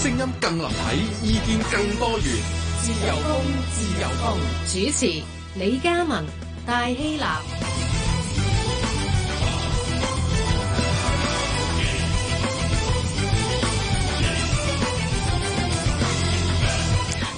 聲音更立體，意見更多元。自由風，自由風。主持：李嘉文、戴希娜。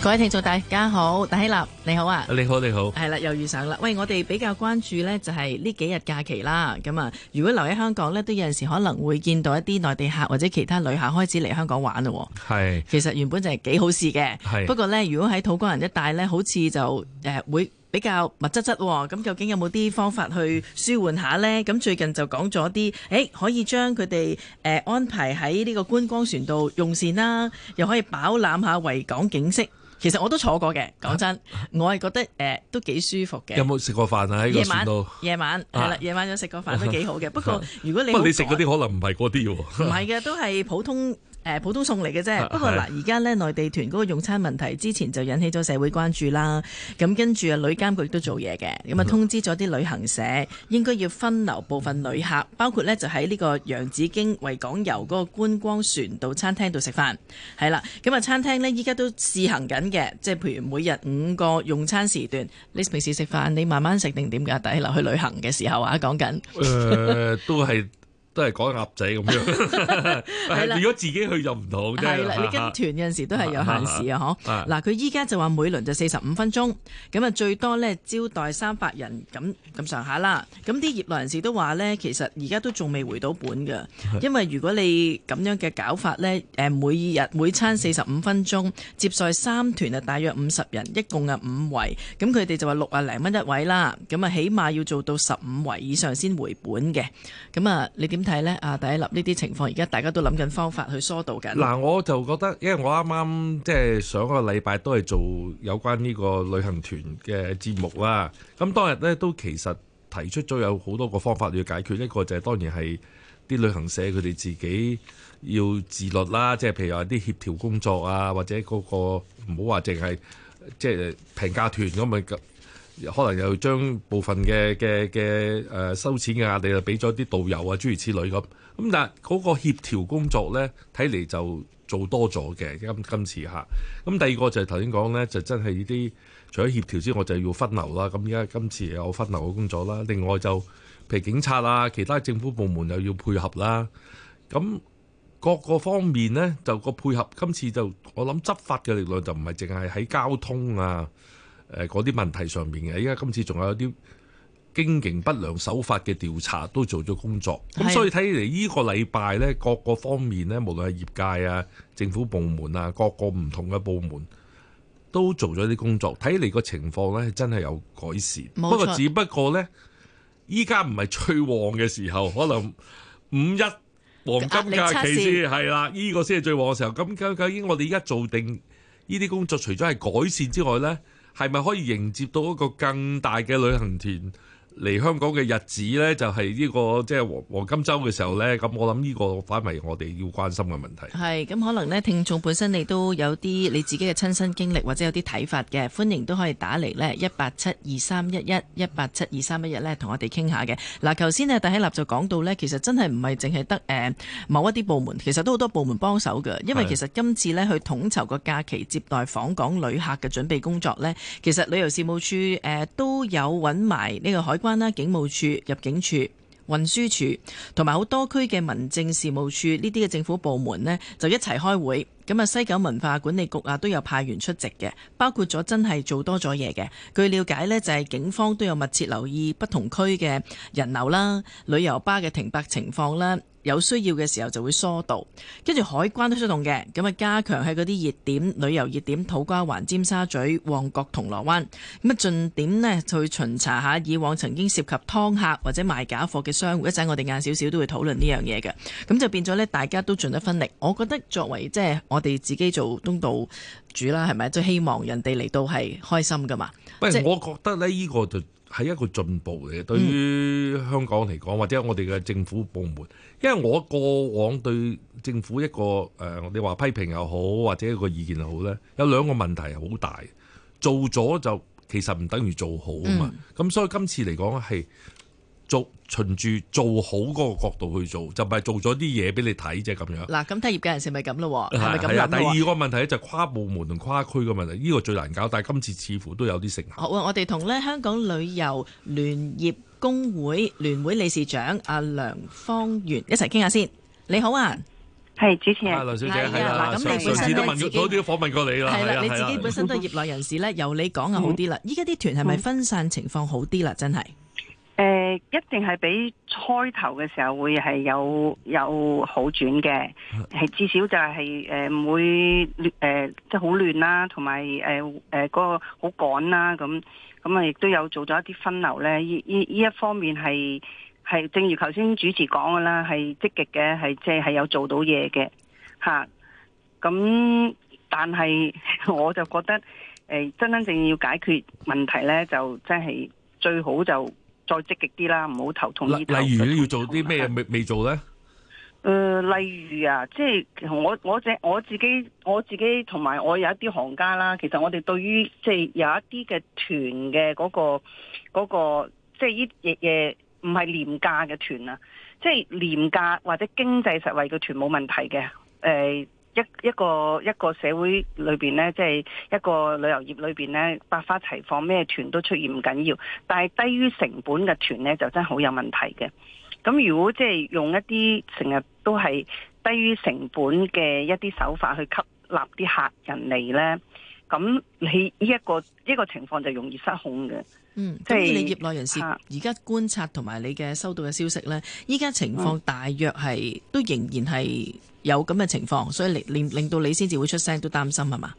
各位聽眾大家好。大希立你好啊。你好你好，係啦又遇上啦。喂，我哋比較關注呢就係呢幾日假期啦，咁啊如果留喺香港呢，都有陣時可能會見到一啲內地客或者其他旅客開始嚟香港玩喎。係，其實原本就係幾好事嘅，不過呢，如果喺土瓜灣一帶呢，好似就誒、呃、會。比較密質質喎，咁究竟有冇啲方法去舒緩下呢？咁最近就講咗啲，誒可以將佢哋誒安排喺呢個觀光船度用膳啦，又可以飽覽下維港景色。其實我都坐過嘅，講真，我係覺得誒都幾舒服嘅。有冇食過飯啊？喺個船度夜晚係啦，夜晚有食過飯都幾好嘅。不過如果你，不過你食嗰啲可能唔係嗰啲喎，唔係嘅，都係普通。誒普通餸嚟嘅啫，不過嗱，而家呢內地團嗰個用餐問題之前就引起咗社會關注啦。咁跟住啊，旅監局都做嘢嘅，咁啊通知咗啲旅行社應該要分流部分旅客，包括呢就喺呢個洋紫荊維港遊嗰個觀光船到餐廳度食飯。係啦，咁啊餐廳呢，依家都試行緊嘅，即係譬如每日五個用餐時段，你平時食飯，你慢慢食定點㗎？但係留去旅行嘅時候啊，講緊、呃。都係。都係講鴨仔咁樣，係啦。如果自己去就唔同。係啦，你跟團有陣時都係有限時啊，嗬。嗱，佢依家就話每輪就四十五分鐘，咁啊最多咧招待三百人咁咁上下啦。咁啲業內人士都話咧，其實而家都仲未回到本㗎，因為如果你咁樣嘅搞法咧，誒每日每餐四十五分鐘，接待三團啊，大約五十人，一共啊五圍，咁佢哋就話六啊零蚊一位啦，咁啊起碼要做到十五圍以上先回本嘅，咁啊你點？點睇咧？啊，第一粒呢啲情況，而家大家都諗緊方法去疏導緊。嗱，我就覺得，因為我啱啱即係上個禮拜都係做有關呢個旅行團嘅節目啦、啊。咁當日咧都其實提出咗有好多個方法要解決，一個就係、是、當然係啲旅行社佢哋自己要自律啦、啊，即、就、係、是、譬如話啲協調工作啊，或者嗰、那個唔好話淨係即係平價團咁咪。可能又將部分嘅嘅嘅誒收錢嘅壓力就俾咗啲導遊，啊諸如此類咁，咁但嗰個協調工作呢，睇嚟就做多咗嘅今今次吓。咁第二個就係頭先講呢，就真係呢啲除咗協調之外，就要分流啦。咁而家今次有分流嘅工作啦。另外就譬如警察啊，其他政府部門又要配合啦。咁各個方面呢，就個配合今次就我諗執法嘅力量就唔係淨係喺交通啊。誒嗰啲問題上面嘅，依家今次仲有啲經營不良手法嘅調查都做咗工作，咁所以睇嚟呢個禮拜呢，各個方面呢，無論係業界啊、政府部門啊，各個唔同嘅部門都做咗啲工作。睇嚟個情況呢，真係有改善。不過只不過呢，依家唔係最旺嘅時候， 可能五一黃金假期先係啦。呢、啊呢個先係最旺嘅時候。咁究竟我哋而家做定呢啲工作，除咗係改善之外呢？係咪可以迎接到一個更大嘅旅行團。嚟香港嘅日子呢，就係、是、呢、這個即係黃黃金週嘅時候呢。咁我諗呢個反為我哋要關心嘅問題。係咁，可能呢，聽眾本身你都有啲你自己嘅親身經歷，或者有啲睇法嘅，歡迎都可以打嚟呢, 1872311, 1872311呢一八七二三一一一八七二三一一呢同我哋傾下嘅。嗱、啊，頭先呢，戴希立就講到呢，其實真係唔係淨係得誒某一啲部門，其實都好多部門幫手㗎。因為其實今次呢，去統籌個假期接待訪港旅客嘅準備工作呢，其實旅遊事務處誒、呃、都有揾埋呢個海關。啦，警務處、入境處、運輸處同埋好多區嘅民政事務處呢啲嘅政府部門呢，就一齊開會。咁啊，西九文化管理局啊，都有派員出席嘅，包括咗真係做多咗嘢嘅。據了解呢，就係警方都有密切留意不同區嘅人流啦、旅遊巴嘅停泊情況啦。有需要嘅時候就會疏導，跟住海關都出動嘅，咁啊加強喺嗰啲熱點、旅遊熱點、土瓜灣、尖沙咀、旺角、銅鑼灣，咁啊盡點呢就去巡查下以往曾經涉及劏客或者賣假貨嘅商戶，一陣我哋晏少少都會討論呢樣嘢嘅，咁就變咗呢，大家都盡一分力。我覺得作為即係我哋自己做東道主啦，係咪都希望人哋嚟到係開心噶嘛？不、即係、我覺得呢個就。係一個進步嚟嘅，對於香港嚟講，或者我哋嘅政府部門，因為我過往對政府一個我、呃、你話批評又好，或者一個意見又好呢，有兩個問題係好大，做咗就其實唔等於做好啊嘛。咁、嗯、所以今次嚟講係。是做循住做好嗰個角度去做，就唔係做咗啲嘢俾你睇啫咁樣。嗱，咁睇業界人士咪咁咯，咪咁啦。係啊，第二個問題咧就跨部門同跨區嘅問題，依個最難搞。但係今次似乎都有啲成效。好啊，我哋同咧香港旅遊聯業工會聯會理事長阿梁芳遠一齊傾下先。你好啊，係主持人，梁小姐。係啊，嗱，咁你上次都問過，早啲都訪問過你啦。係啦，你自己本身都係業內人士咧，由你講就好啲啦。依家啲團係咪分散情況好啲啦？真係。誒、呃，一定係比開頭嘅時候會係有有好轉嘅，係至少就係誒唔會亂誒、呃，即係好亂啦，同埋誒誒嗰個好趕啦，咁咁啊，亦都有做咗一啲分流咧。呢一方面係係，正如頭先主持講㗎啦，係積極嘅，係即係有做到嘢嘅吓。咁、啊、但係 我就覺得誒，真、呃、真正要解決問題咧，就真係最好就。再積極啲啦，唔好頭痛呢，例如要做啲咩未未做咧？誒，例如啊，即係我我即我自己我自己同埋我有一啲行家啦。其實我哋對於即係有一啲嘅團嘅嗰個即係呢嘢嘢唔係廉價嘅團啊，即係廉價或者經濟實惠嘅團冇問題嘅誒。誒一一個一個社會裏面呢，即係一個旅遊業裏面呢，百花齊放，咩團都出現唔緊要。但係低於成本嘅團呢，就真係好有問題嘅。咁如果即係用一啲成日都係低於成本嘅一啲手法去吸納啲客人嚟呢，咁你呢一個呢個情況就容易失控嘅。嗯，即係你業內人士而家觀察同埋你嘅收到嘅消息咧，依家情況大約係、嗯、都仍然係有咁嘅情況，所以令令令到你先至會出聲都擔心係嘛？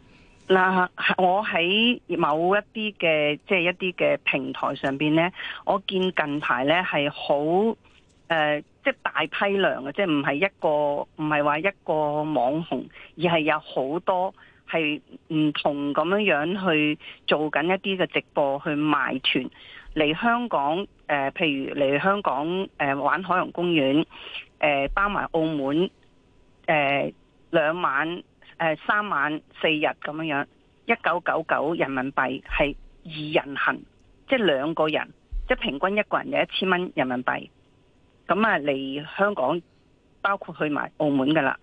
嗱，我喺某一啲嘅即係一啲嘅平台上邊咧，我見近排咧係好誒，即、呃、係、即係、大批量嘅，即係唔係一個唔係話一個網紅，而係有好多。係唔同咁樣樣去做緊一啲嘅直播去賣團嚟香港，誒，譬如嚟香港誒玩海洋公園，誒包埋澳門，誒兩晚誒三晚四日咁樣樣，一九九九人民幣係二人行，即係兩個人，即係平均一個人有一千蚊人民幣，咁啊嚟香港包括去埋澳門噶啦，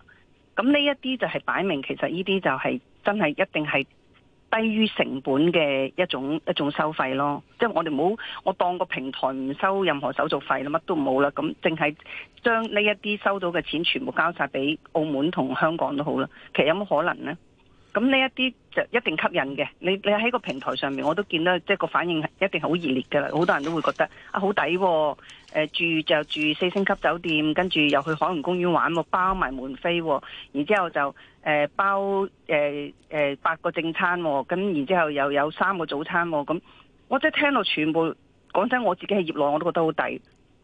咁呢一啲就係擺明，其實呢啲就係。真係一定係低於成本嘅一種一種收費咯，即係我哋唔好我當個平台唔收任何手續費啦，乜都冇啦，咁淨係將呢一啲收到嘅錢全部交晒俾澳門同香港都好啦。其實有冇可能呢？咁呢一啲就一定吸引嘅。你你喺個平台上面，我都見到即係、就是、個反應一定好熱烈噶啦，好多人都會覺得啊好抵喎！誒住就住四星級酒店，跟住又去海洋公園玩喎、啊，包埋門飛、啊，然之後就誒、呃、包誒誒、呃呃、八個正餐、哦，咁然之後又有三個早餐、哦，咁我即係聽到全部，講真，我自己係業內，我都覺得好抵。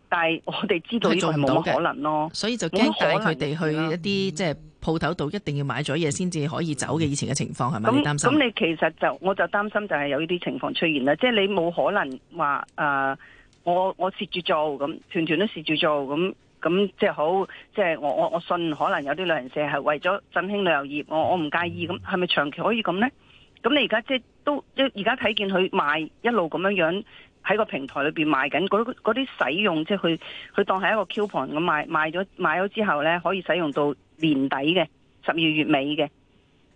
但係我哋知道係冇乜可能咯，所以就驚帶佢哋去一啲即係鋪頭度，一定要買咗嘢先至可以走嘅，以前嘅情況係咪？你擔心？咁你其實就我就擔心就係有呢啲情況出現啦，即係你冇可能話誒、呃、我我蝕住做咁，全團都蝕住做咁。咁即係好，即係我我我信，可能有啲旅行社係為咗振興旅遊業，我我唔介意。咁係咪長期可以咁呢？咁你而家即係都即一而家睇見佢賣一路咁樣樣喺個平台裏邊賣緊，嗰啲使用即係佢佢當係一個 coupon 咁賣賣咗買咗之後呢，可以使用到年底嘅十二月尾嘅。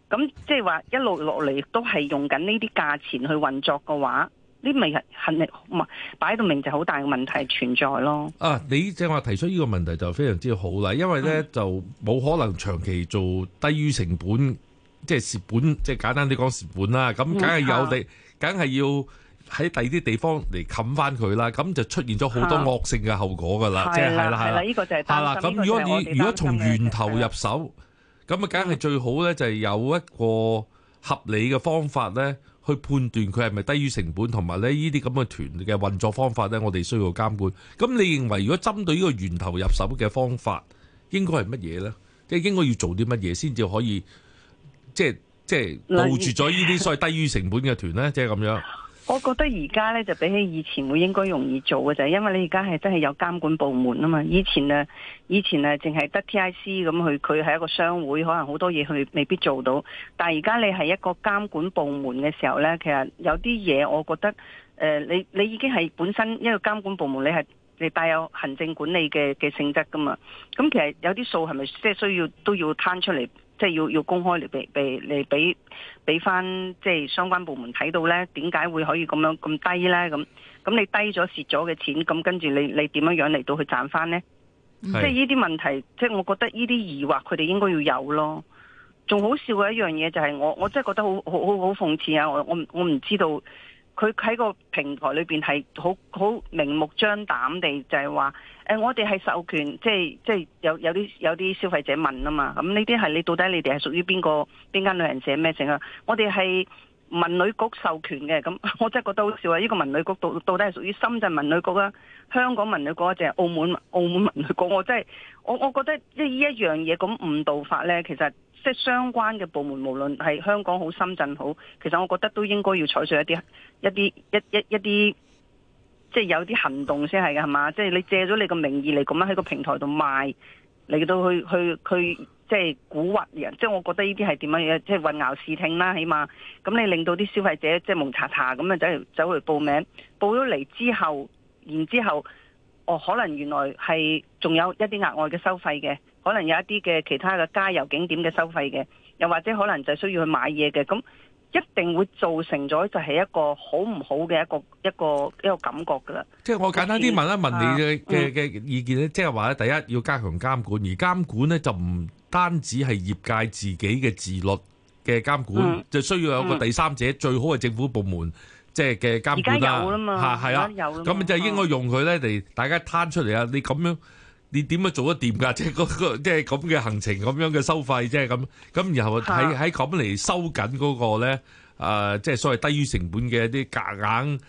咁即係話一路落嚟都係用緊呢啲價錢去運作嘅話。呢啲明係係咪擺到明就好大嘅問題存在咯？啊，你正話提出呢個問題就非常之好啦，因為咧、嗯、就冇可能長期做低於成本，即係蝕本，即係簡單啲講蝕本啦。咁梗係有你梗係要喺第二啲地方嚟冚翻佢啦。咁就出現咗好多惡性嘅後果㗎啦、啊，即係係啦係啦。呢個就係啦。咁、啊、如果你、這個、如果從源頭入手，咁啊梗係最好咧，就係、是、有一個合理嘅方法咧。去判斷佢係咪低於成本，同埋咧依啲咁嘅團嘅運作方法咧，我哋需要監管。咁你認為如果針對呢個源頭入手嘅方法，應該係乜嘢呢？即係應該要做啲乜嘢先至可以，即係即係杜絕咗呢啲所謂低於成本嘅團呢？即係咁樣。我覺得而家呢，就比起以前會應該容易做嘅就係因為你而家係真係有監管部門啊嘛，以前呢，以前呢淨係得 TIC 咁去，佢係一個商會，可能好多嘢佢未必做到。但係而家你係一個監管部門嘅時候呢，其實有啲嘢我覺得，誒、呃、你你已經係本身一個監管部門，你係你帶有行政管理嘅嘅性質噶嘛。咁其實有啲數係咪即係需要都要攤出嚟？即係要要公開嚟俾俾俾翻，即係相關部門睇到咧，點解會可以咁樣咁低咧？咁咁你低咗蝕咗嘅錢，咁跟住你你點樣樣嚟到去賺翻咧？即係呢啲問題，即係我覺得呢啲疑惑佢哋應該要有咯。仲好笑嘅一樣嘢就係我我真係覺得好好好好諷刺啊！我我我唔知道。佢喺個平台裏面係好好明目張膽地就係話，我哋係授權，即係即係有有啲有啲消費者問啊嘛，咁呢啲係你到底你哋係屬於邊個邊間旅行社咩性啊？我哋係文旅局授權嘅，咁我真係覺得好笑啊！呢個文旅局到到底係屬於深圳文旅局啊、香港文旅局啊，定係澳門澳門文旅局？我真係我我覺得呢一樣嘢咁誤導法呢，其實。即係相關嘅部門，無論係香港好、深圳好，其實我覺得都應該要採取一啲一啲一一一啲，即係、就是、有啲行動先係嘅，係嘛？即、就、係、是、你借咗你個名義嚟咁樣喺個平台度賣，嚟到去去去，去，即係蠱惑人。即係我覺得呢啲係點樣嘅？即係混淆視聽啦，起碼咁你令到啲消費者即係蒙查查咁啊，走去走去報名，報咗嚟之後，然之後哦，可能原來係仲有一啲額外嘅收費嘅。可能有一啲嘅其他嘅加油景點嘅收費嘅，又或者可能就係需要去買嘢嘅，咁一定會造成咗就係一個好唔好嘅一個一個一個感覺噶啦。即係我簡單啲問一問你嘅嘅嘅意見咧，即係話咧，第一要加強監管，而監管咧就唔單止係業界自己嘅自律嘅監管，就需要有個第三者，最好係政府部門即係嘅監管啦。嚇，係啊，咁就應該用佢咧嚟大家攤出嚟啊！你咁樣。你點樣做得掂㗎？即係即係咁嘅行程，咁樣嘅收費，即係咁。咁然後喺喺咁嚟收緊嗰、那個咧，誒、呃，即、就、係、是、所謂低於成本嘅一啲夾硬。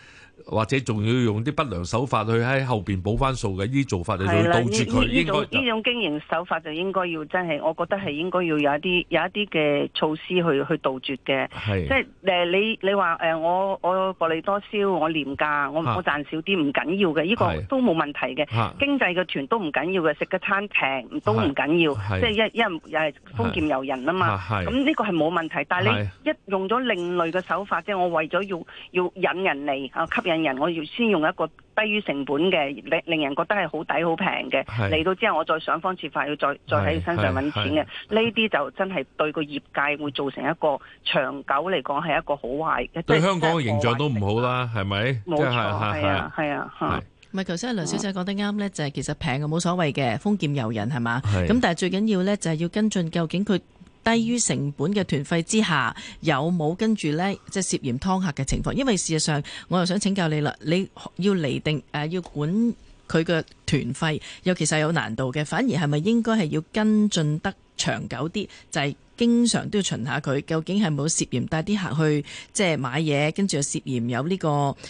或者仲要用啲不良手法去喺後邊補翻數嘅呢啲做法就係杜絕佢。應該呢種經營手法就應該要真係，我覺得係應該要有一啲有一啲嘅措施去去杜絕嘅。即係你你話誒、呃、我我薄利多銷，我廉價，我我賺少啲唔緊要嘅，呢、這個都冇問題嘅。的經濟嘅團都唔緊要嘅，食個餐平都唔緊要，的即係因一又係豐儉由人啊嘛。咁呢個係冇問題的，但係你一用咗另類嘅手法，即係我為咗要要引人嚟啊吸引。人，我要先用一個低於成本嘅，令令人覺得係好抵好平嘅嚟到之後，我再想方設法要再再喺佢身上揾錢嘅呢啲就真係對個業界會造成一個長久嚟講係一個好壞嘅，對香港嘅形象都唔好啦，係咪？冇錯，係啊，係、就、啊、是，唔係，頭先阿梁小姐講得啱呢，就係、是、其實平嘅冇所謂嘅，豐儉由人係嘛。咁但係最緊要呢，就係要跟進究竟佢。低於成本嘅團費之下，有冇跟住呢？即、就、係、是、涉嫌劏客嘅情況？因為事實上，我又想請教你啦，你要釐定誒、呃、要管佢嘅團費，又其實有難度嘅。反而係咪應該係要跟進得長久啲，就係、是、經常都要巡下佢，究竟係冇涉嫌帶啲客去即係買嘢，跟住又涉嫌有呢個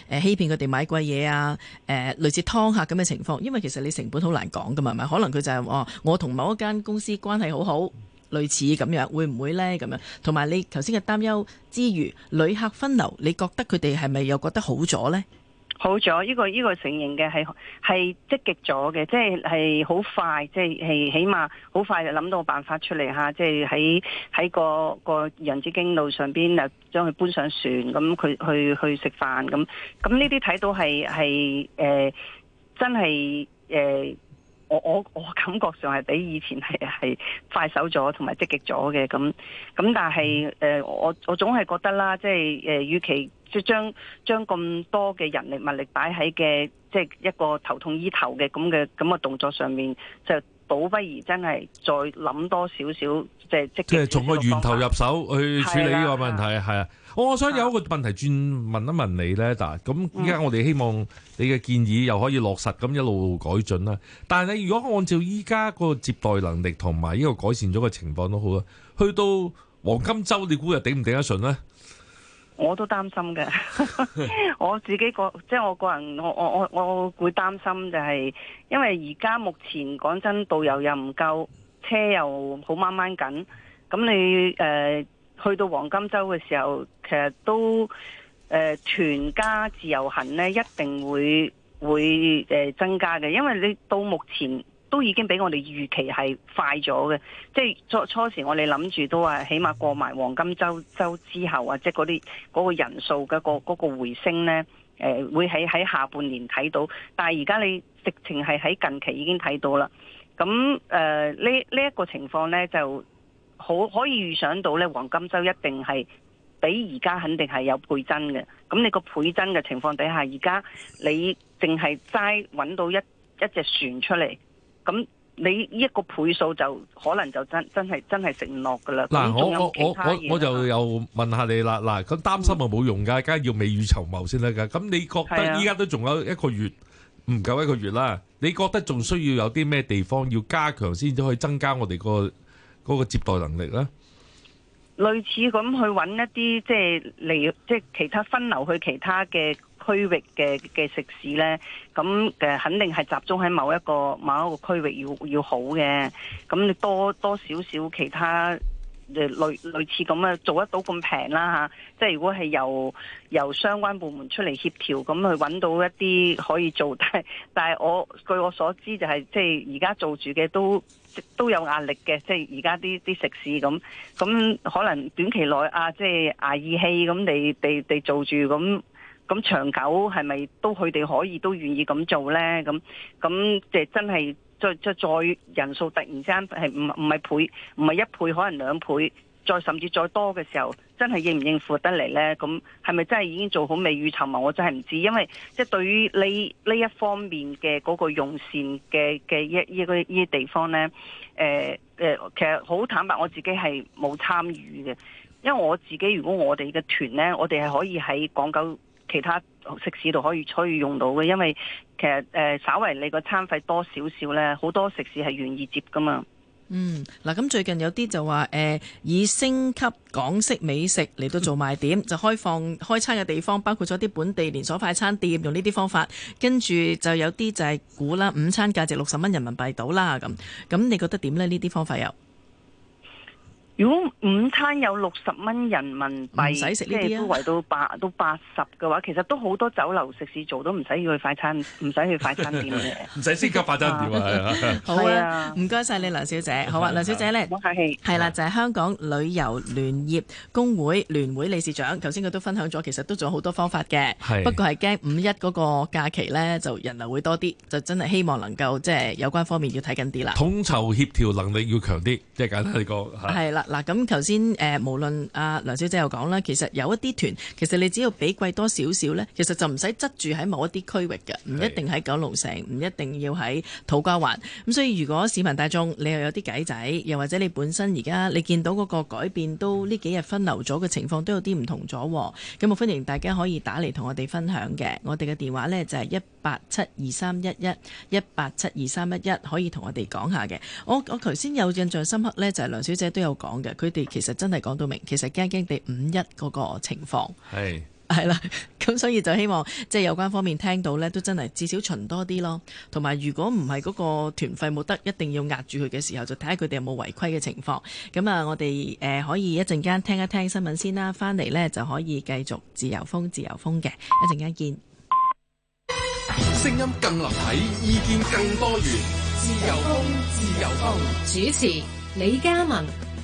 誒欺騙佢哋買貴嘢啊，誒、呃、類似劏客咁嘅情況。因為其實你成本好難講㗎嘛，咪可能佢就係、是、話、哦、我同某一間公司關係好好。類似咁樣，會唔會呢？咁樣，同埋你頭先嘅擔憂之餘，旅客分流，你覺得佢哋係咪又覺得好咗呢？好咗，呢個呢個承認嘅係係積極咗嘅，即係係好快，即係係起碼好快就諗到辦法出嚟吓，即係喺喺個個洋紫荊路上邊啊，將佢搬上船，咁佢去去食飯，咁咁呢啲睇到係係誒真係誒。呃我我我感覺上係比以前係係快手咗同埋積極咗嘅，咁咁，但係誒我我總係覺得啦，即係誒，與其即將將咁多嘅人力物力擺喺嘅即係一個頭痛醫頭嘅咁嘅咁嘅動作上面就，倒不如真係再諗多少少即係即係從個源頭入手去處理呢個問題，係啊！我想、哦、有一個問題轉問一問你咧，嗱，咁依家我哋希望你嘅建議又可以落實咁一路改進啦。但係你如果按照依家個接待能力同埋呢個改善咗嘅情況都好啦，去到黃金週，你估又頂唔頂得順咧？我都擔心嘅， 我自己個即係我個人，我我我我會擔心就係，因為而家目前講真，導遊又唔夠，車又好掹掹緊，咁你、呃、去到黃金周嘅時候，其實都誒、呃、全家自由行咧一定會會增加嘅，因為你到目前。都已經比我哋預期係快咗嘅，即係初初時我哋諗住都話，起碼過埋黃金周周之後啊，即係嗰啲嗰個人數嘅、嗰個嗰、嗰個回升呢，誒、呃、會喺喺下半年睇到。但係而家你直情係喺近期已經睇到啦。咁誒呢呢一個情況呢，就好可以預想到呢黃金周一定係比而家肯定係有倍增嘅。咁你嗰個倍增嘅情況底下，而家你淨係齋揾到一一隻船出嚟。咁你依一個倍數就可能就真真係真係食唔落噶啦。嗱，我我我我就又問下你了啦，嗱，咁擔心啊冇用噶，梗係要未雨綢繆先得噶。咁你覺得依家都仲有一個月唔夠一個月啦？你覺得仲需要有啲咩地方要加強先，至可以增加我哋，嗰個、嗰個接待能力咧？類似咁去揾一啲即係嚟，即係其他分流去其他嘅。區域嘅嘅食肆呢，咁嘅肯定係集中喺某一個某一個區域要要好嘅。咁你多多少少其他類類似咁啊，做得到咁平啦嚇。即係如果係由由相關部門出嚟協調，咁去揾到一啲可以做，但係但係我據我所知就係即係而家做住嘅都都有壓力嘅。即係而家啲啲食肆咁，咁可能短期內啊，即係捱義氣咁你哋嚟做住咁。咁長久係咪都佢哋可以都願意咁做呢？咁咁即係真係再再再人數突然之間係唔唔係倍唔係一倍，可能兩倍，再甚至再多嘅時候，真係應唔應付得嚟呢？咁係咪真係已經做好未雨綢繆？我真係唔知，因為即係對於呢呢一方面嘅嗰個用膳嘅嘅一一個依啲地方呢，誒、呃、其實好坦白，我自己係冇參與嘅，因為我自己如果我哋嘅團呢，我哋係可以喺港九。其他食肆度可以採用到嘅。因為其實，誒，稍為你個餐費多少少咧，好多食肆係願意接噶嘛。嗯，嗱咁最近有啲就話，誒、呃，以升級港式美食嚟到做賣點， 就開放開餐嘅地方，包括咗啲本地連鎖快餐店用呢啲方法，跟住就有啲就係估啦，午餐價值六十蚊人民幣到啦。咁咁，你覺得點咧？呢啲方法又？如果午餐有六十蚊人民幣，唔使食呢啲，即係都維到八到八十嘅話，其實都好多酒樓食肆做都唔使要去快餐，唔使去快餐店嘅，唔使先級快餐店啊！好啊，唔該曬你，梁小姐。好啊，梁小姐咧，係啦，就係香港旅遊聯業工會聯會理事長。頭先佢都分享咗，其實都仲有好多方法嘅，不過係驚五一嗰個假期咧就人流會多啲，就真係希望能夠即係有關方面要睇緊啲啦，統籌協調能力要強啲，即係簡單嚟講係啦。嗱，咁頭先誒，無論阿梁小姐又講啦，其實有一啲團，其實你只要畀貴多少少呢，其實就唔使執住喺某一啲區域嘅，唔一定喺九龍城，唔一定要喺土瓜灣。咁所以如果市民大眾，你又有啲計仔，又或者你本身而家你見到嗰個改變，都呢幾日分流咗嘅情況都有啲唔同咗。咁啊，歡迎大家可以打嚟同我哋分享嘅，我哋嘅電話呢，就係一八七二三一一一八七二三一一，可以同我哋講下嘅。我我頭先有印象深刻呢，就係、是、梁小姐都有講。佢哋其實真係講到明，其實驚驚哋五一嗰個情況係係啦，咁所以就希望即係有關方面聽到呢都真係至少巡多啲咯。同埋，如果唔係嗰個團費冇得，一定要壓住佢嘅時候，就睇下佢哋有冇違規嘅情況。咁啊，我哋誒可以一陣間聽一聽新聞先啦，翻嚟呢就可以繼續自由風自由風嘅，一陣間見。聲音更立體，意見更多元，自由風自由風，主持李嘉文。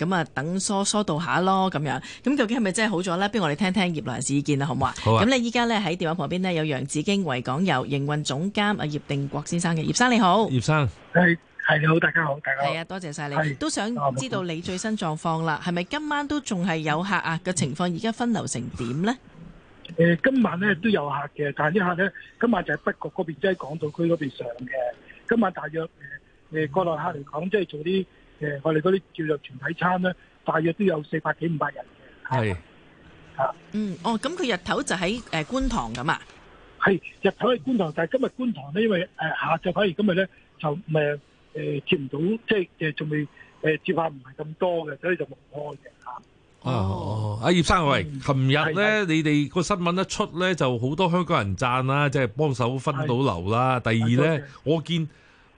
咁啊，等疏疏導下咯，咁樣。咁究竟係咪真係好咗咧？不如我哋聽聽業內人士意見啦，好唔好啊？好。咁你依家咧喺電話旁邊呢，有洋紫荊維港遊營運總監阿葉定國先生嘅，葉生你好。葉生，係，係你好，大家好，大家好。係啊，多謝晒你。都想知道你最新狀況啦，係、哦、咪今晚都仲係有客啊？個情況而家分流成點呢？誒、呃，今晚咧都有客嘅，但係啲客咧，今晚就喺北角嗰邊即係、就是、港島區嗰邊上嘅。今晚大約誒誒、嗯呃、國內客嚟講，即係做啲。誒，我哋嗰啲召集團體餐咧，大約都有四百幾五百人嘅，係嚇。嗯，哦，咁佢日頭就喺誒、呃、觀塘咁啊。係日頭喺觀塘，但係今日觀塘咧，因為誒、呃、下晝，反而今日咧，就唔誒、呃、接唔到，即係誒仲未誒接客唔係咁多嘅，所以就冇開嘅嚇。哦，阿、嗯啊、葉生啊，喂，琴日咧，你哋個新聞一出咧，就好多香港人讚啦，即、就、係、是、幫手分到流啦。第二咧，我見。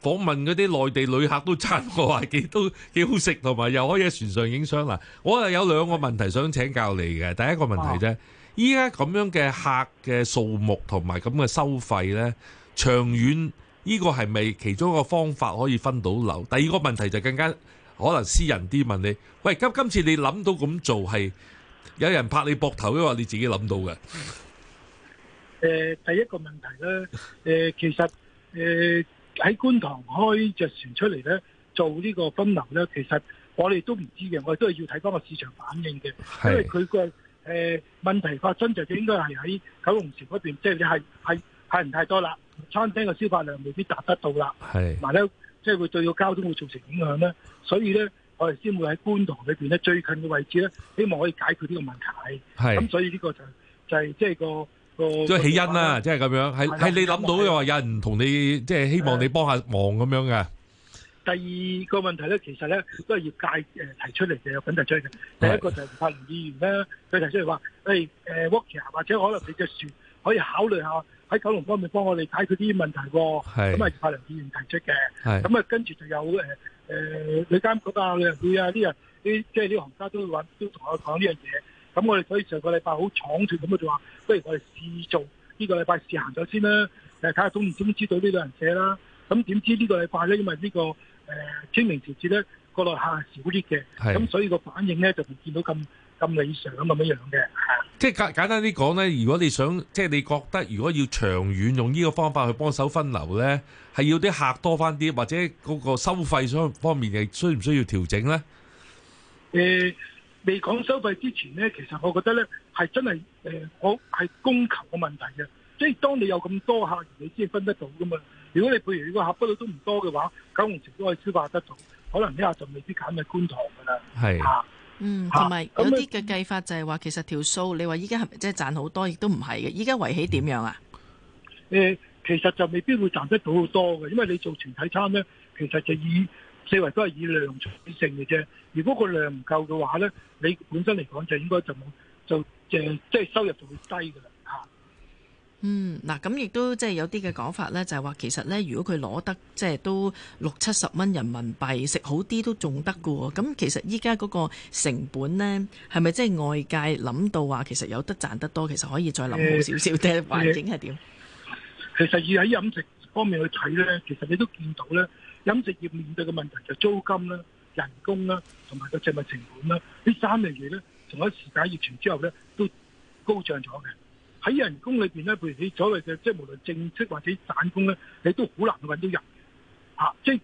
訪問嗰啲內地旅客都讚，我話幾都幾好食，同埋又可以喺船上影相啦。我又有兩個問題想請教你嘅。第一個問題咧，依家咁樣嘅客嘅數目同埋咁嘅收費咧，長遠呢個係咪其中一個方法可以分到流？第二個問題就更加可能私人啲問你，喂，今今次你諗到咁做係有人拍你膊頭，抑或你自己諗到嘅？誒，第一個問題咧，誒，其實誒。喺觀塘開隻船出嚟咧，做呢個分流咧，其實我哋都唔知嘅，我哋都係要睇翻個市場反應嘅，因為佢個誒問題發生就應該係喺九龍城嗰邊，即係你係係客人太多啦，餐廳嘅消化量未必達得到啦，係，嗱咧即係會對個交通會造成影響咧，所以咧我哋先會喺觀塘裏邊咧最近嘅位置咧，希望可以解決呢個問題，係，咁所以呢個就就係即係個。即係起因啦，即係咁樣，係係你諗到又話有人同你即係希望你幫下忙咁樣嘅。第二個問題咧，其實咧都係業界誒提出嚟嘅，有提出嘅。第一個就係柏良議員啦，佢提出嚟話，喂誒 worker 或者可能你隻船可以考慮下喺九龍方面幫我哋解決啲問題喎。咁啊，柏良議員提出嘅。咁、呃、啊，跟住就有誒誒，李金國啊、會啊啲人，即係啲行家都揾，都同我講呢樣嘢。咁我哋所以上個禮拜好倉卒咁啊，就話不如我哋試做呢個禮拜，試行咗先啦，誒睇下公營公司對呢兩樣嘢啦。咁點知呢個禮拜咧，因為呢個誒清明節節咧，國內客少啲嘅，咁所以個反應咧就唔見到咁咁理想咁咁樣樣嘅。嚇，即係簡簡單啲講咧，如果你想即係你覺得如果要長遠用呢個方法去幫手分流咧，係要啲客多翻啲，或者嗰個收費相方面嘅需唔需要調整咧？誒。未講收費之前咧，其實我覺得咧係真係誒，我、呃、係供求嘅問題嘅。即係當你有咁多客，你先分得到噶嘛。如果你譬如如果客不，不多都唔多嘅話，九龍城都可以消化得到。可能呢下就未必揀咩觀塘噶啦。係、啊。嗯，同埋有啲嘅計法就係話，其實條數你話依家係咪真係賺好多，亦都唔係嘅。依家圍起點樣啊？誒、嗯，其實就未必會賺得到好多嘅，因為你做全體餐咧，其實就以。四圍都係以量取勝嘅啫，如果個量唔夠嘅話咧，你本身嚟講就應該就冇，就誒，即係收入就會低噶啦吓。嗯，嗱，咁亦都即係有啲嘅講法咧，就係話其實咧，如果佢攞得即係都六七十蚊人民幣，食好啲都仲得嘅喎。咁其實依家嗰個成本咧，係咪即係外界諗到話其實有得賺得多，其實可以再諗好少少？啲，呃，環境係點？其實以喺飲食方面去睇咧，其實你都見到咧。飲食業面對嘅問題就是租金啦、啊、人工啦、啊，同埋個食物成本啦、啊，這三東西呢三樣嘢咧，同一時間疫情之後咧，都高漲咗嘅。喺人工裏邊咧，譬如你所謂嘅即係無論正職或者散工咧，你都好難揾到人。嚇、啊，即、就、係、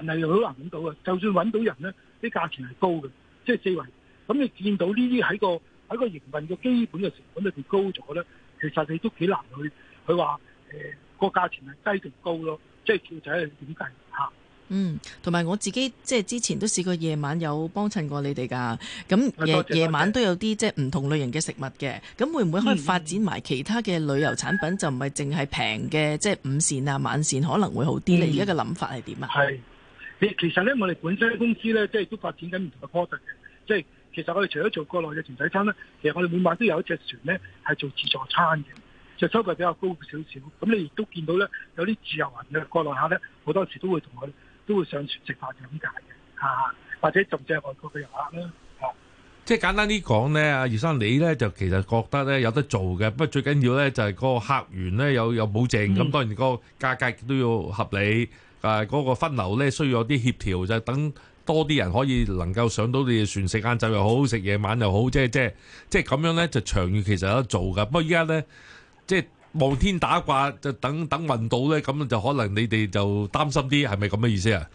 是、人係好難揾到嘅。就算揾到人咧，啲價錢係高嘅，即、就、係、是、四圍。咁你見到呢啲喺個喺個營運嘅基本嘅成本裏邊高咗咧，其實你都幾難去佢話誒個價錢係低定高咯，即係叫仔點計？嗯，同埋我自己即係之前都試過夜晚有幫襯過你哋㗎，咁夜夜晚都有啲即係唔同類型嘅食物嘅，咁會唔會可以發展埋其他嘅旅遊產品？嗯、就唔係淨係平嘅，即係午膳啊、晚膳可能會好啲、嗯、你而家嘅諗法係點啊？其實咧，我哋本身公司咧，即係都發展緊唔同嘅 product 嘅，即係其實我哋除咗做國內嘅團體餐咧，其實我哋每晚都有一隻船咧係做自助餐嘅，就收費比較高少少。咁你亦都見到咧，有啲自由行嘅國內客咧，好多時都會同我哋，都會上船食飯咁解嘅，嚇、啊，或者甚至係外國嘅遊客啦，嚇、啊。即係簡單啲講咧，阿葉生你咧就其實覺得咧有得做嘅，不過最緊要咧就係個客源咧有有保證，咁當然個價格都要合理，嗯、啊，嗰、那個分流咧需要有啲協調啫，等、就是、多啲人可以能夠上到你嘅船食晏晝又好，食夜晚又好，即係即係即係咁樣咧就長遠其實有得做噶，不過依家咧即係。望天打卦就等等運到咧，咁就可能你哋就擔心啲，係咪咁嘅意思啊？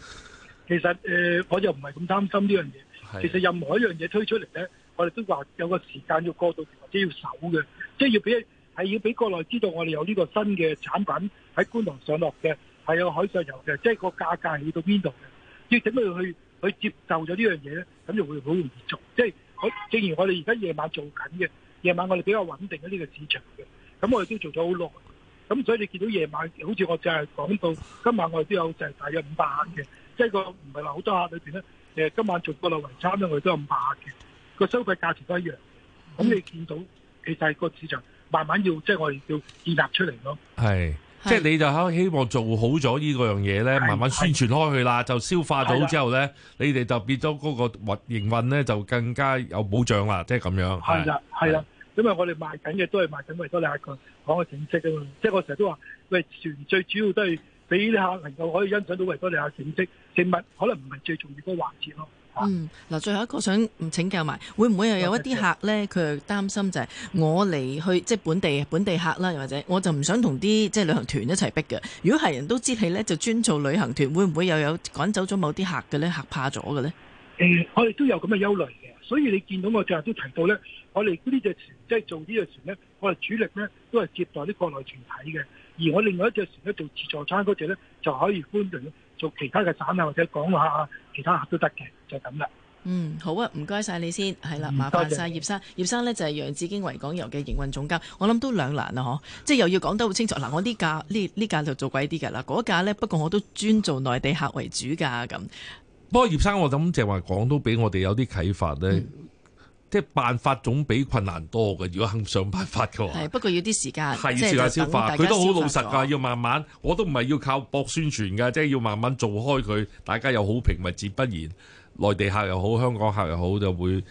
其實誒、呃，我就唔係咁擔心呢樣嘢。其實任何一樣嘢推出嚟咧，我哋都話有個時間要過渡，或者要守嘅，即係要俾係要俾國內知道我哋有呢個新嘅產品喺觀塘上落嘅，係有海上遊嘅，即係個價格係要到邊度嘅，要點樣去去接受咗呢樣嘢咧？咁就會好容易做。即係我正如我哋而家夜晚做緊嘅，夜晚我哋比較穩定嘅呢個市場嘅。咁我哋都做咗好耐，咁所以你見到夜晚好似我淨係講到今晚我哋都有就係大約五百客嘅，即係個唔係話好多客裏邊咧，誒今晚做個樓圍餐咧，我哋都有五百客嘅，個收費價錢都一樣。咁你見到其實個市場慢慢要即係我哋要建立出嚟咯。係，即係你就喺希望做好咗呢個樣嘢咧，慢慢宣傳開去啦，就消化到之後咧，你哋就變咗嗰個運營運咧就更加有保障啦，即係咁樣。係啦，係啦。因為我哋賣緊嘅都係賣緊維多利亞港嘅景色啊嘛，即係我成日都話，喂，船最主要都係俾啲客能夠可以欣賞到維多利亞景色，食物可能唔係最重要個環節咯。嗯，嗱，最後一個想請教埋，會唔會又有一啲客咧，佢擔心就係我嚟去即係本地本地客啦，又或者我就唔想同啲即係旅行團一齊逼嘅。如果係人都知係咧，就專做旅行團，會唔會又有趕走咗某啲客嘅咧？嚇怕咗嘅咧？誒，我哋都有咁嘅憂慮。所以你見到我最後都提到咧，我哋呢隻船即係做呢隻船咧，我哋主力咧都係接待啲國內團體嘅，而我另外一隻船咧做自助餐嗰隻咧就可以搬轉做其他嘅省啊或者講下其他客都得嘅，就咁、是、啦。嗯，好啊，唔該晒你先，係啦，麻煩晒葉生。葉生呢，就係洋紫荊維港遊嘅營運總監，我諗都兩難啊，嗬，即係又要講得好清楚嗱，我呢架呢呢架就做貴啲嘅啦，嗰架呢，不過我都專做內地客為主㗎咁。不過葉生，我諗淨係話講都俾我哋有啲啟發咧，即係辦法總比困難多嘅。如果肯想辦法嘅話，係不過要啲時間，係要時間消化。佢都好老實噶，要慢慢。我都唔係要靠博宣傳噶，即係要慢慢做開佢。大家有好評，物自不然內地客又好，香港客又好，就會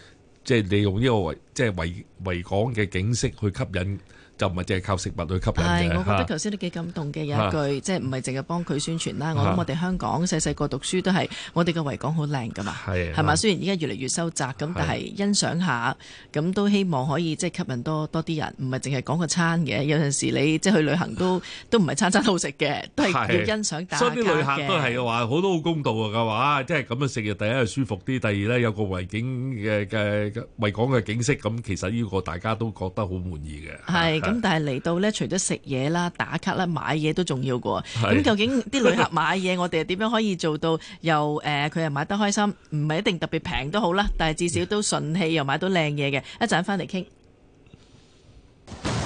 即係利用呢個維即係維維港嘅景色去吸引。就唔係淨係靠食物去吸引啫。係，我覺得頭先都幾感動嘅有一句，即係唔係淨係幫佢宣傳啦。我諗我哋香港細細個讀書都係我哋嘅維港好靚噶嘛，係嘛？雖然而家越嚟越收窄，咁但係欣賞下，咁都希望可以即係吸引多多啲人。唔係淨係講個餐嘅，有陣時你即係去旅行都都唔係餐餐好食嘅，都係要欣賞大家嘅。所以啲旅客都係話好多好公道啊，話啊，即係咁樣食，第一係舒服啲，第二呢有個維景嘅嘅維港嘅景色，咁其實呢個大家都覺得好滿意嘅。係。咁但係嚟到咧，除咗食嘢啦、打卡啦、買嘢都重要嘅。咁究竟啲旅客買嘢，我哋係點樣可以做到又誒？佢又買得開心，唔係一定特別平都好啦，但係至少都順氣又買到靚嘢嘅。一陣翻嚟傾。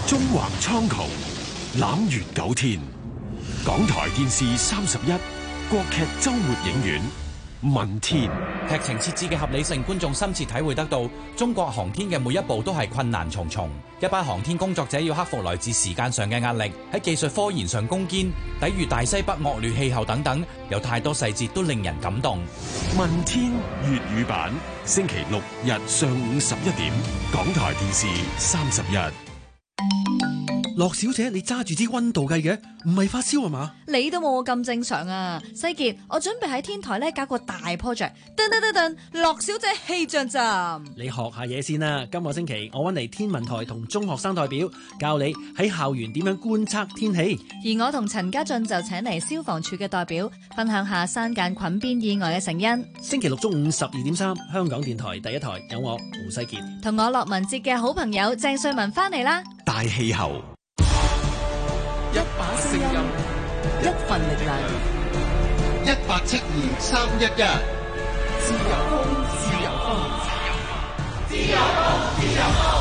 中環蒼穹，冷月九天。港台電視三十一，國劇週末影院。問天劇情設置嘅合理性，觀眾深切體會得到。中國航天嘅每一步都係困難重重，一班航天工作者要克服來自時間上嘅壓力，喺技術科研上攻堅，抵御大西北惡劣氣候等等，有太多細節都令人感動。問天粵語版星期六日上午十一點，港台電視三十日。樂小姐，你揸住支温度計嘅，唔係發燒啊嘛？你都冇我咁正常啊！世傑，我準備喺天台咧搞個大 project，噔噔噔噔，樂小姐氣象站。你學下嘢先啦，今個星期我搵嚟天文台同中學生代表教你喺校園點樣觀測天氣。而我同陳家俊就請嚟消防處嘅代表分享下山間菌邊意外嘅成因。星期六中午十二點三，香港電台第一台有我胡世傑，同我樂文節嘅好朋友鄭瑞文翻嚟啦。大氣候。一把聲音，一份力量，嗯、一八七二三一一。自由風，自由風，自由風，自由風，自由風。自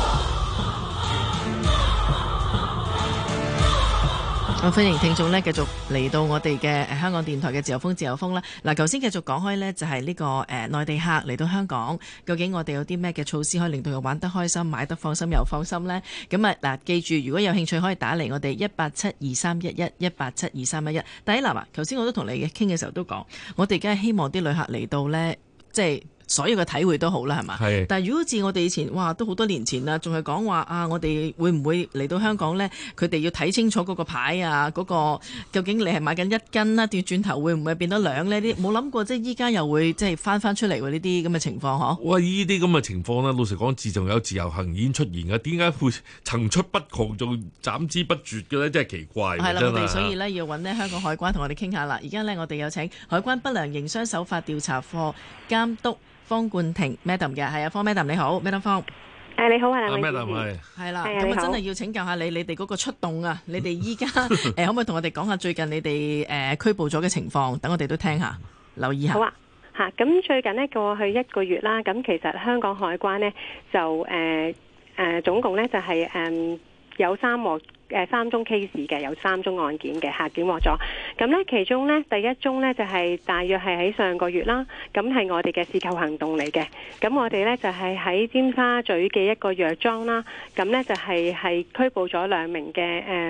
咁歡迎聽眾呢繼續嚟到我哋嘅香港電台嘅自由風自由風啦。嗱，頭先繼續講開呢就係呢個誒內地客嚟到香港，究竟我哋有啲咩嘅措施可以令到佢玩得開心、買得放心又放心呢？咁啊嗱，記住，如果有興趣可以打嚟我哋一八七二三一一一八七二三一一。第一，嗱，啊，頭先我都同你嘅傾嘅時候都講，我哋而家希望啲旅客嚟到呢，即係。所有嘅體會都好啦，係嘛？但係如果似我哋以前，哇，都好多年前啦，仲係講話啊，我哋會唔會嚟到香港呢？佢哋要睇清楚嗰個牌啊，嗰個究竟你係買緊一斤啦、啊，掉轉頭會唔會變到兩呢啲冇諗過，即係依家又會即係翻翻出嚟喎呢啲咁嘅情況嗬，喂，呢啲咁嘅情況呢，老實講，自從有自由行已經出現啊，點解會層出不窮，仲斬之不絕嘅呢？真係奇怪㗎，我哋，所以呢，要搵呢香港海關同我哋傾下啦。而家呢，我哋有請海關不良營商手法調查課監督。方冠亭 madam 嘅，係啊，方 madam 你好，madam 方，誒你好啊，madam 係，係啦，咁啊真係要請教下你，你哋嗰個出動啊，你哋依家誒可唔可以同我哋講下最近你哋誒拘捕咗嘅情況，等我哋都聽下，留意下。好啊，嚇！咁最近呢，過去一個月啦，咁其實香港海關呢就誒誒總共咧就係誒有三個。誒三宗 case 嘅有三宗案件嘅嚇檢獲咗，咁咧其中咧第一宗咧就係、是、大約係喺上個月啦，咁係我哋嘅試購行動嚟嘅，咁我哋咧就係、是、喺尖沙咀嘅一個藥莊啦，咁咧就係、是、係拘捕咗兩名嘅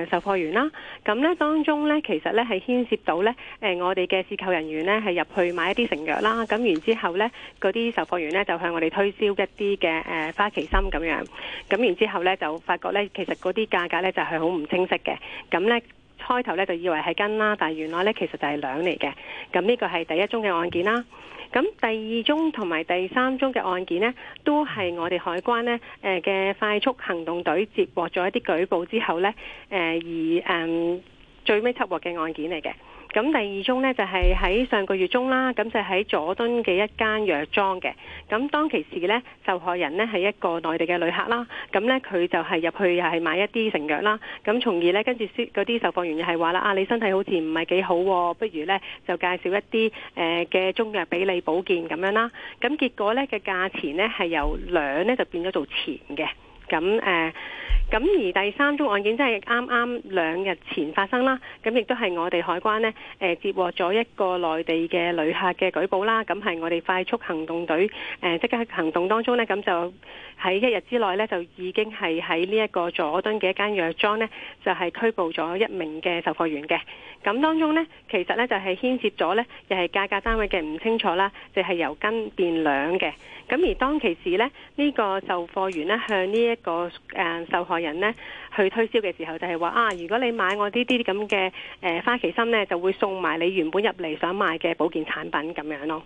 誒售貨員啦，咁咧當中咧其實咧係牽涉到咧誒、呃、我哋嘅試購人員咧係入去買一啲成藥啦，咁然之後咧嗰啲售貨員咧就向我哋推銷一啲嘅誒花旗參咁樣，咁然之後咧就發覺咧其實嗰啲價格咧就係好，唔清晰嘅，咁咧開頭咧就以為係斤啦，但係原來咧其實就係兩嚟嘅，咁呢個係第一宗嘅案件啦。咁第二宗同埋第三宗嘅案件呢，都係我哋海關呢誒嘅、呃、快速行動隊接獲咗一啲舉報之後呢，誒、呃、而誒、嗯、最尾緝獲嘅案件嚟嘅。咁第二宗呢，就係、是、喺上個月中啦，咁就喺佐敦嘅一間藥莊嘅。咁當其時呢，受害人呢係一個內地嘅旅客啦。咁呢，佢就係入去又係買一啲成藥啦。咁從而呢，跟住嗰啲售貨員又係話啦，啊你身體好似唔係幾好，啊，不如呢就介紹一啲嘅、呃、中藥俾你保健咁樣啦。咁結果呢，嘅價錢呢係由兩呢就變咗做錢嘅。咁誒，咁而第三宗案件即係啱啱兩日前發生啦，咁亦都係我哋海關呢誒接獲咗一個內地嘅旅客嘅舉報啦，咁係我哋快速行動隊誒即刻行動當中呢，咁就。喺一日之內呢，就已經係喺呢一個佐敦嘅一間藥妝呢，就係拘捕咗一名嘅售貨員嘅。咁當中呢，其實呢，就係牽涉咗呢，又係價格單位嘅唔清楚啦，就係由斤變兩嘅。咁而當其時呢，呢個售貨員呢，向呢一個誒受害人呢去推銷嘅時候，就係話啊，如果你買我呢啲咁嘅誒花旗參呢，就會送埋你原本入嚟想買嘅保健產品咁樣咯。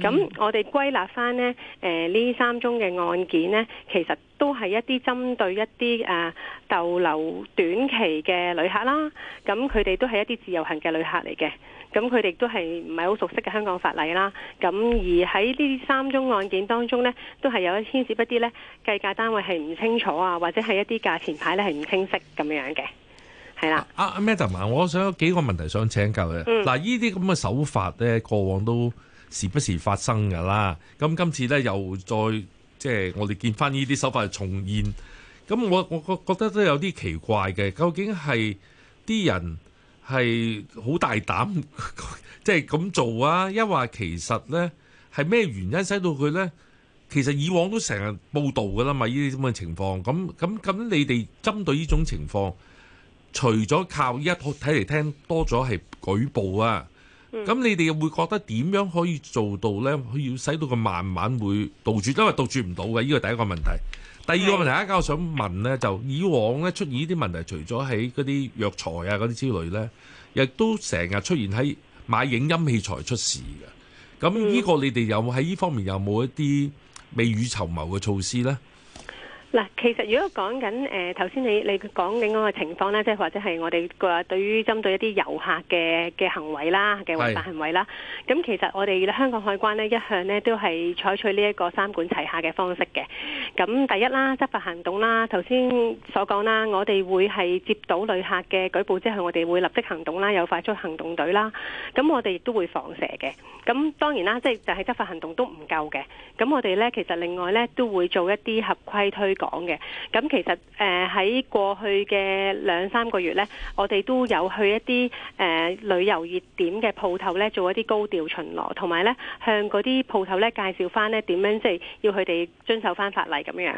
咁、嗯、我哋歸納翻呢，誒、呃、呢三宗嘅案件呢，其實都係一啲針對一啲誒、呃、逗留短期嘅旅客啦。咁佢哋都係一啲自由行嘅旅客嚟嘅。咁佢哋都係唔係好熟悉嘅香港法例啦。咁而喺呢三宗案件當中呢，都係有牽涉一啲呢計價單位係唔清楚啊，或者係一啲價錢牌呢係唔清晰咁樣嘅。係啦。阿阿 madam 啊，啊 madam, 我想有幾個問題想請教你。嗱、嗯，呢啲咁嘅手法呢，過往都。時不時發生噶啦，咁今次呢，又再即係、就是、我哋見翻呢啲手法重現，咁我我覺覺得都有啲奇怪嘅，究竟係啲人係好大膽即係咁做啊？抑或其實呢，係咩原因使到佢呢？其實以往都成日報道噶啦嘛，呢啲咁嘅情況，咁咁咁你哋針對呢種情況，除咗靠一套睇嚟聽多咗係舉報啊？咁你哋又會覺得點樣可以做到呢？要使到佢慢慢會杜絕，因為杜絕唔到嘅，呢個第一個問題。第二個問題而家我想問呢，就以往呢出現呢啲問題，除咗喺嗰啲藥材啊嗰啲之類呢，亦都成日出現喺買影音器材出事嘅。咁呢個你哋有冇喺呢方面有冇一啲未雨綢繆嘅措施呢？嗱，其實如果講緊誒，頭先你你講緊嗰個情況咧，即係或者係我哋嘅話，對於針對一啲遊客嘅嘅行為啦，嘅違法行為啦，咁其實我哋香港海關咧一向咧都係採取呢一個三管齊下嘅方式嘅。咁第一啦，執法行動啦，頭先所講啦，我哋會係接到旅客嘅舉報之後，我哋會立即行動啦，有快速行動隊啦。咁我哋亦都會防蛇嘅。咁當然啦，即係就係執法行動都唔夠嘅。咁我哋咧其實另外咧都會做一啲合規推。講嘅，咁其實誒喺過去嘅兩三個月咧，我哋都有去一啲誒旅遊熱點嘅鋪頭咧，做一啲高調巡邏，同埋咧向嗰啲鋪頭咧介紹翻咧點樣即係要佢哋遵守翻法例咁樣。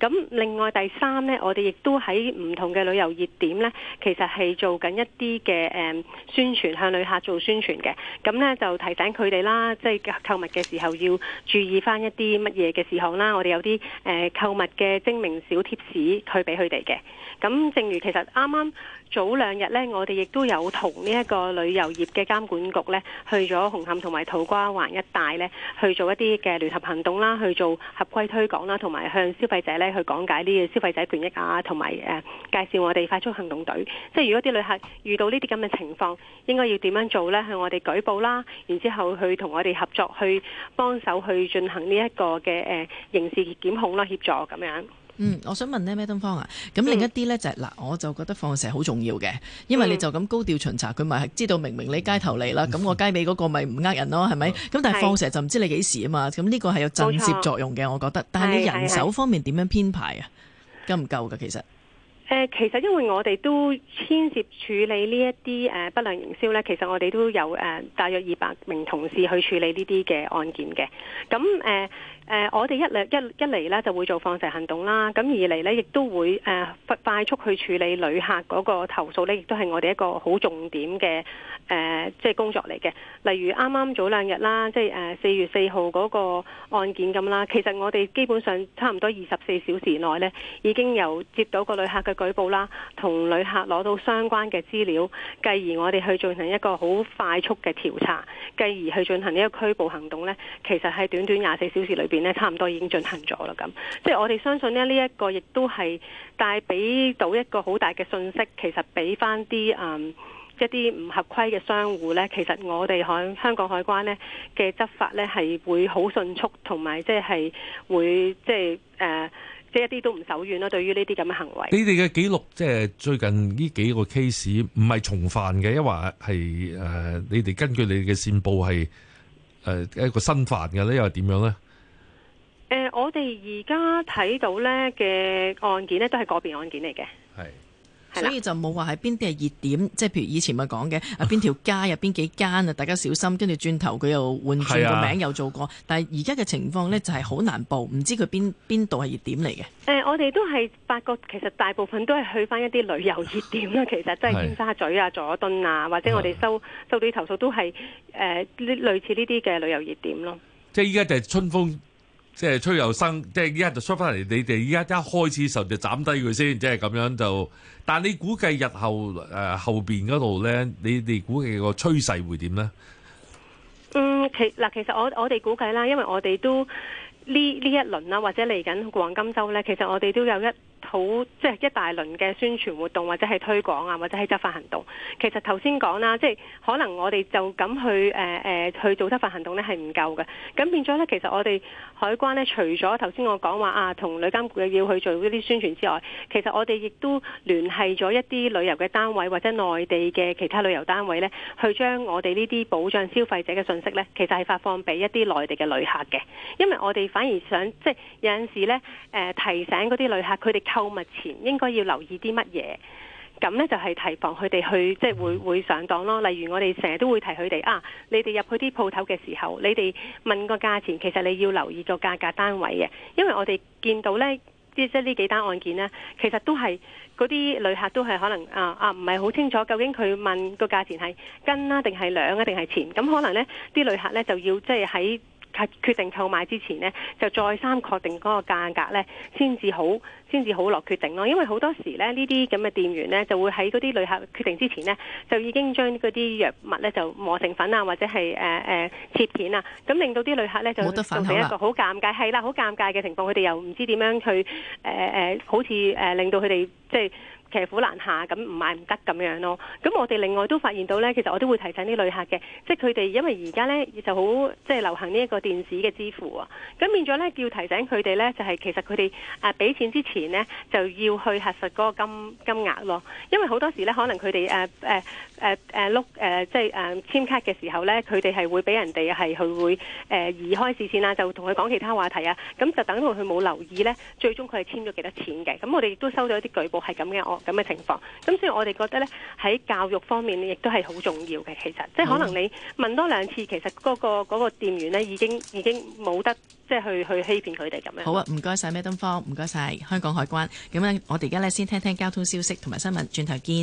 咁另外第三咧，我哋亦都喺唔同嘅旅遊熱點咧，其實係做緊一啲嘅誒宣傳，向旅客做宣傳嘅。咁咧就提醒佢哋啦，即係購物嘅時候要注意翻一啲乜嘢嘅事項啦。我哋有啲誒購物嘅。證明小貼士去，去俾佢哋嘅。咁正如其實啱啱早兩日呢，我哋亦都有同呢一個旅遊業嘅監管局呢去咗紅磡同埋土瓜灣一帶呢去做一啲嘅聯合行動啦，去做合規推廣啦，同埋向消費者呢去講解呢個消費者權益啊，同埋誒介紹我哋快速行動隊。即係如果啲旅客遇到呢啲咁嘅情況，應該要點樣做呢？向我哋舉報啦，然後之後去同我哋合作，去幫手去進行呢一個嘅誒刑事檢控啦，協助咁樣。嗯，我想問呢咩東方啊？咁另一啲呢、就是，就係嗱，我就覺得放蛇好重要嘅，因為你就咁高調巡查，佢咪係知道明明你街頭嚟啦，咁、嗯、我街尾嗰個咪唔呃人咯，係、嗯、咪？咁、嗯、但係放蛇就唔知你幾時啊嘛，咁呢個係有震懾作用嘅，我覺得。但係你人手方面點樣編排啊？夠唔夠嘅其實、呃？其實因為我哋都牽涉處理呢一啲不良營銷呢，其實我哋都有大約二百名同事去處理呢啲嘅案件嘅。咁誒，我哋一嚟一一嚟咧就會做放蛇行動啦，咁二嚟咧亦都會誒快速去處理旅客嗰個投訴咧，亦都係我哋一個好重點嘅。誒，即係工作嚟嘅。例如啱啱早兩日啦，即係誒四月四號嗰個案件咁啦。其實我哋基本上差唔多二十四小時內呢，已經由接到個旅客嘅舉報啦，同旅客攞到相關嘅資料，繼而我哋去進行一個好快速嘅調查，繼而去進行呢個拘捕行動呢。其實喺短短廿四小時裏面呢，差唔多已經進行咗啦。咁即係我哋相信呢，呢一個亦都係帶俾到一個好大嘅信息，其實俾翻啲嗯。一啲唔合規嘅商戶呢，其實我哋喺香港海關呢嘅執法呢，係會好迅速，同埋即係會即係誒即係一啲都唔手軟啦。對於呢啲咁嘅行為，你哋嘅記錄即係最近呢幾個 case，唔係重犯嘅，因為係誒你哋根據你哋嘅線報係誒、呃、一個新犯嘅咧，又係點樣呢？誒、呃，我哋而家睇到咧嘅案件呢，都係個別案件嚟嘅。係。所以就冇話喺邊啲係熱點，即係譬如以前咪講嘅啊，邊條街啊，邊幾間啊，大家小心。跟住轉頭佢又換轉個名，又做過。啊、但係而家嘅情況咧，就係好難報，唔知佢邊邊度係熱點嚟嘅。誒、呃，我哋都係發覺，其實大部分都係去翻一啲旅遊熱點啦。其實即係尖沙咀啊、佐敦啊，或者我哋收收到啲投訴都係誒呢類似呢啲嘅旅遊熱點咯、嗯。即係依家就係春風即、就、係、是、吹又生，即係而家就出翻嚟。你哋而家一開始時候就斬低佢先，即係咁樣就。但係你估計日後誒、呃、後邊嗰度咧，你哋估計個趨勢會點咧？嗯，其嗱，其實我我哋估計啦，因為我哋都呢呢一輪啦，或者嚟緊黃金週咧，其實我哋都有一好即係一大輪嘅宣傳活動，或者係推廣啊，或者係執法行動。其實頭先講啦，即係可能我哋就咁去誒誒、呃、去做執法行動咧，係唔夠嘅。咁變咗咧，其實我哋。海關咧，除咗頭先我講話啊，同旅監局嘅要去做呢啲宣傳之外，其實我哋亦都聯繫咗一啲旅遊嘅單位或者內地嘅其他旅遊單位呢，去將我哋呢啲保障消費者嘅信息呢，其實係發放俾一啲內地嘅旅客嘅，因為我哋反而想即係有陣時候呢誒、呃、提醒嗰啲旅客，佢哋購物前應該要留意啲乜嘢。咁呢就係提防佢哋去即係會會上當咯。例如我哋成日都會提佢哋啊，你哋入去啲鋪頭嘅時候，你哋問個價錢，其實你要留意個價格單位嘅，因為我哋見到呢，即係即呢幾單案件呢，其實都係嗰啲旅客都係可能啊啊唔係好清楚究竟佢問個價錢係斤啊定係兩啊定係錢，咁可能呢啲旅客呢，就要即係喺。係決定購買之前呢，就再三確定嗰個價格呢，先至好，先至好落決定咯。因為好多時呢，呢啲咁嘅店員呢，就會喺嗰啲旅客決定之前呢，就已經將嗰啲藥物呢，就磨成粉啊，或者係誒誒切片啊，咁令到啲旅客呢，就做一個好尷尬，係啦，好尷尬嘅情況，佢哋又唔知點樣去誒誒、呃，好似誒令到佢哋即係。騎虎難下，咁唔買唔得咁樣咯。咁我哋另外都發現到呢，其實我都會提醒啲旅客嘅，即係佢哋因為而家呢就好即係流行呢一個電子嘅支付啊。咁變咗呢，要提醒佢哋呢，就係、就係就係、其實佢哋誒俾錢之前呢，就要去核實嗰個金金額咯，因為好多時呢，可能佢哋誒誒。啊啊誒誒碌誒，即係誒、啊、簽卡嘅時候咧，佢哋係會俾人哋係佢會誒、啊、移開視線啦、啊，就同佢講其他話題啊，咁就等到佢冇留意咧，最終佢係簽咗幾多錢嘅。咁我哋亦都收到一啲舉報係咁嘅惡咁嘅情況。咁所以我哋覺得咧，喺教育方面亦都係好重要嘅。其實即係可能你問多兩次，其實嗰、那個那個店員咧已經已經冇得即係去去欺騙佢哋咁樣。好啊，唔該晒 Madam Fong，唔該晒香港海關。咁咧，我哋而家咧先聽聽交通消息同埋新聞，轉頭見。